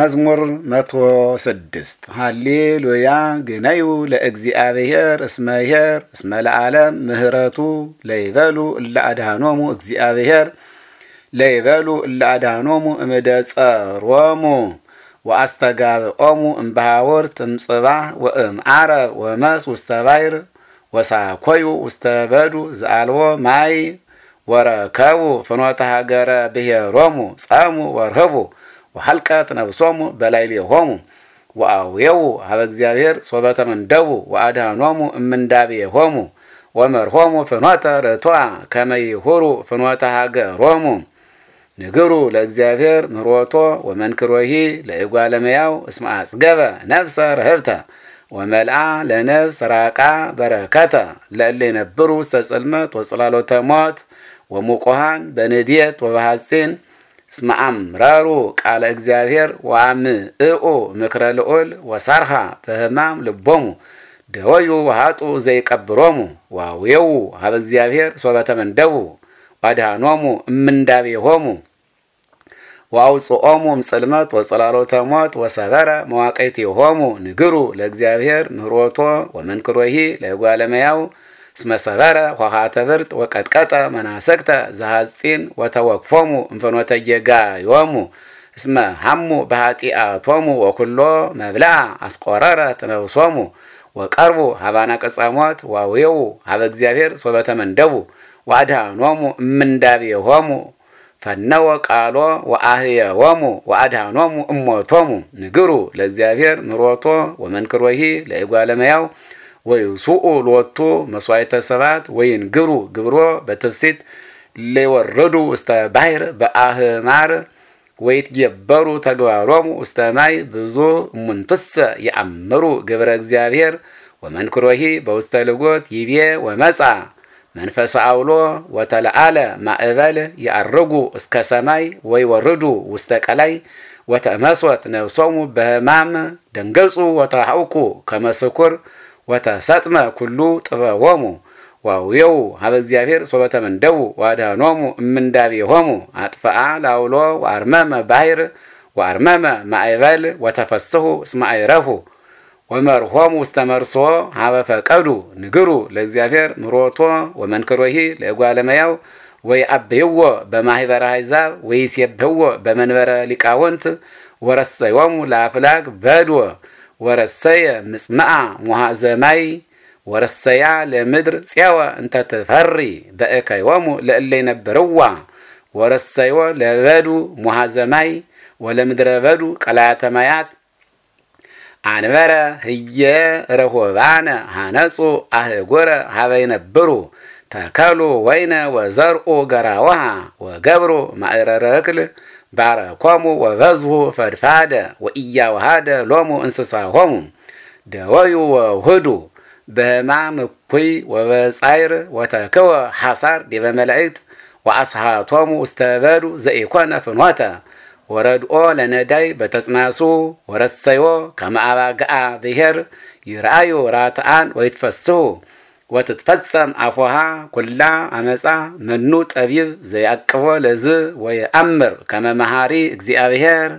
መዝሙር መቶ ስድስት ሃሌሉያ ግነዩ ለእግዚአብሔር እስመ ይሔር እስመ ለዓለም ምህረቱ ለይበሉ እለ አድሃኖሙ እግዚአብሔር ለይበሉ እለ አድሃኖሙ እምደ ጸሮሙ ወአስተጋብኦሙ እምባሃወርት እምጽባህ ወእም ወመስ ውስተ ባይር ወሳኮዩ ውስተ በዱ ዘአልቦ ማይ ወረከቡ ፍኖተ ሃገረ ብሔሮሙ ጸሙ ወርህቡ ወሐልቀት ነብሶሙ በላዕሌሆሙ ወአውየው ሀበ እግዚአብሔር ሶበ ተመንደቡ ወአድኀኖሙ እምንዳቤሆሙ ወመርሆሙ ፍኖተ ርቱዐ ከመ ይሁሩ ፍኖተ ሀገሮሙ ንግሩ ለእግዚአብሔር ምሮቶ ወመንክሮሂ ለእጓለ እመሕያው እስመ አጽገበ ነፍሰ ረህብተ ወመልአ ለነፍስ ራቃ በረከተ ለእለ ይነብሩ ውስተ ጽልመት ወጽላሎተ ሞት ወሙቁሃን በንድየት ወበሐጺን እስማዓም ረሩ ቃለ እግዚአብሔር ዋም እኦ ምክረ ልዑል ወሳርሃ በህማም ልቦሙ ደወዩ ወሃጡ ዘይቀብሮሙ ዋውየው ሀበ እግዚአብሔር ሶበተ መንደቡ ዋድሃኖሙ እምንዳቤሆሙ ዋውፅኦሙ እምጽልመት ወጽላሎተ ሞት ወሰበረ መዋቀይቲሆሙ ንግሩ ለእግዚአብሔር ምህሮቶ ወመንክሮሂ ለጓለመያው እስመ ሰበረ ኆኃተ ብርጥ ወቀጥቀጠ መናሰክተ ዘሐጺን ወተወክፎሙ እንፈኖተ ጌጋዮሙ እስመ ሐሙ በኃጢአቶሙ ወኩሎ መብላ አስቆረረ ትነብሶሙ ወቀርቡ ሀባና ቀጻሞት ዋውየው ሀበ እግዚአብሔር ሶበተ መንደቡ ወአድኀኖሙ ሆሙ ፈነወ ቃሎ ወአህየሆሙ ወአድኀኖሙ እሞቶሙ ንግሩ ለእግዚአብሔር ምሕረቶ ወመንክሮሂ ለእጓለ እመሕያው ወይ ወይሱኡ ሎቱ መስዋዕተ ሰባት ወይንግሩ ግብሮ በትብሴት ለወረዱ ውስተ ባሕር በአህማር ጌበሩ ተግባሮሙ ውስተ ማይ ብዙ ሙንትሰ የአምሩ ግብረ እግዚአብሔር ወመንክሮሂ በውስተ ልጎት ይቤ ወመጻ መንፈሰ አውሎ ወተለአለ ማእበል የአርጉ እስከ ሰማይ ወርዱ ውስተ ቀላይ ወተመስወት ነብሶሙ በህማም ደንገጹ ወተሐውኩ ከመስኩር ወተሰጥመ ኩሉ ጥበቦሙ ዋውየው ሀበ እግዚአብሔር ሶበተ ምንደቡ ዋድህኖሙ ሆሙ አጥፍአ ላውሎ ወአርመመ ባሕር ወአርመመ ማዕበል ወተፈሰሁ እስመ ረፉ ወመርሆሙ ውስተ መርሶ ሀበ ፈቀዱ ንግሩ ለእግዚአብሔር ምሮቶ ወመንክሮሂ ለእጓለ ወይ ወይአብህዎ በማኅበረ አሕዛብ ወይሴብህዎ በመንበረ ሊቃውንት ወረሰዮሙ ለአፍላግ በድወ ወረሰየ ምጽምዓ ሙሃዘ ማይ ወረሰያ ለምድር ፄወ እንተትፈሪ በእከዮሙ ለእለ ይነብርዋ ወረሰዮ ለበዱ ሙሃዘ ማይ ወለምድረ በዱ ቀላያተ ማያት አንበረ ህየ ረሆባነ ሃነጹ አህጎረ ሃበ ይነብሩ ተከሉ ወይነ ወዘርኡ ገራውሃ ወገብሩ ማእረረ እክል ባረኮሙ ወበዝሁ ፈድፋደ ወሃደ ሎሙ እንስሳ ሆሙ ደወዩ ወውህዱ በህማም እኩይ ወበጻይር ወተከወ ሓሳር ዲበ መላእክት ወአስሃቶሙ ውስተበዱ ዘኢኮነ ፍኖተ ወረድኦ ለነዳይ በተጽናሱ ወረሰዮ ከመኣባ ገኣ ብሔር ይርአዩ ራትኣን ወይትፈስሁ وتتفتم عفوها كلا عمسا منو طبيب زي أكفو لزي ويأمر كما مهاري اكزي أبهير